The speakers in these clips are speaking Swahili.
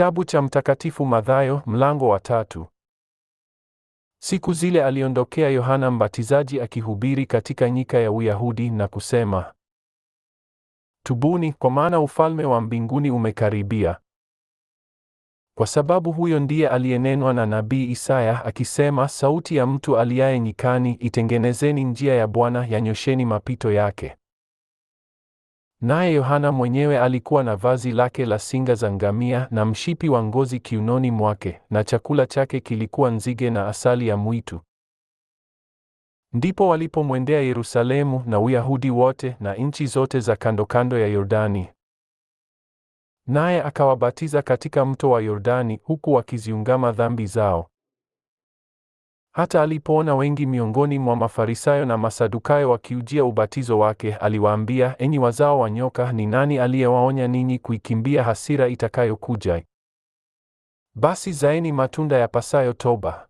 Kitabu cha Mtakatifu Mathayo mlango wa tatu. Siku zile aliondokea Yohana Mbatizaji akihubiri katika nyika ya Uyahudi na kusema, Tubuni kwa maana ufalme wa mbinguni umekaribia. Kwa sababu huyo ndiye aliyenenwa na nabii Isaya akisema, sauti ya mtu aliaye nyikani, itengenezeni njia ya Bwana, yanyosheni mapito yake. Naye Yohana mwenyewe alikuwa na vazi lake la singa za ngamia na mshipi wa ngozi kiunoni mwake, na chakula chake kilikuwa nzige na asali ya mwitu. Ndipo walipomwendea Yerusalemu na Uyahudi wote na nchi zote za kandokando ya Yordani. Naye akawabatiza katika mto wa Yordani huku wakiziungama dhambi zao. Hata alipoona wengi miongoni mwa Mafarisayo na Masadukayo wakiujia ubatizo wake, aliwaambia, enyi wazao wa nyoka, ni nani aliyewaonya ninyi kuikimbia hasira itakayokuja? Basi zaeni matunda yapasayo toba.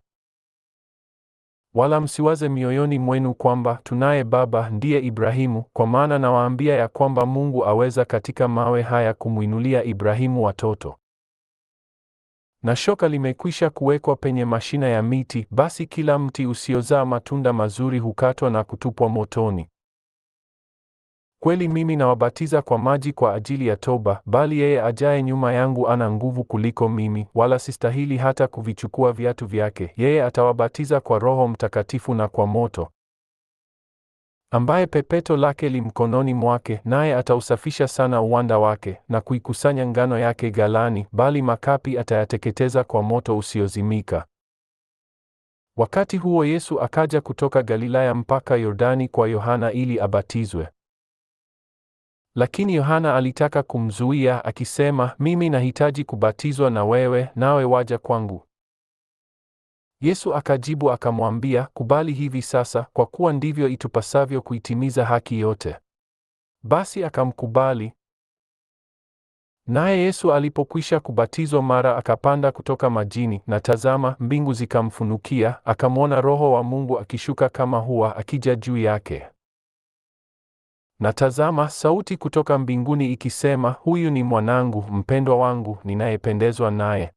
Wala msiwaze mioyoni mwenu kwamba tunaye baba ndiye Ibrahimu, kwa maana nawaambia ya kwamba Mungu aweza katika mawe haya kumwinulia Ibrahimu watoto na shoka limekwisha kuwekwa penye mashina ya miti, basi kila mti usiozaa matunda mazuri hukatwa na kutupwa motoni. Kweli mimi nawabatiza kwa maji kwa ajili ya toba, bali yeye ajaye nyuma yangu ana nguvu kuliko mimi, wala sistahili hata kuvichukua viatu vyake. Yeye atawabatiza kwa Roho Mtakatifu na kwa moto ambaye pepeto lake li mkononi mwake, naye atausafisha sana uwanda wake na kuikusanya ngano yake galani bali makapi atayateketeza kwa moto usiozimika. Wakati huo Yesu akaja kutoka Galilaya mpaka Yordani kwa Yohana ili abatizwe. Lakini Yohana alitaka kumzuia akisema, mimi nahitaji kubatizwa na wewe, nawe waja kwangu? Yesu akajibu akamwambia, kubali hivi sasa, kwa kuwa ndivyo itupasavyo kuitimiza haki yote. Basi akamkubali. Naye Yesu alipokwisha kubatizwa, mara akapanda kutoka majini, na tazama, mbingu zikamfunukia, akamwona Roho wa Mungu akishuka kama hua akija juu yake. Na tazama, sauti kutoka mbinguni ikisema, huyu ni mwanangu mpendwa wangu, ninayependezwa naye.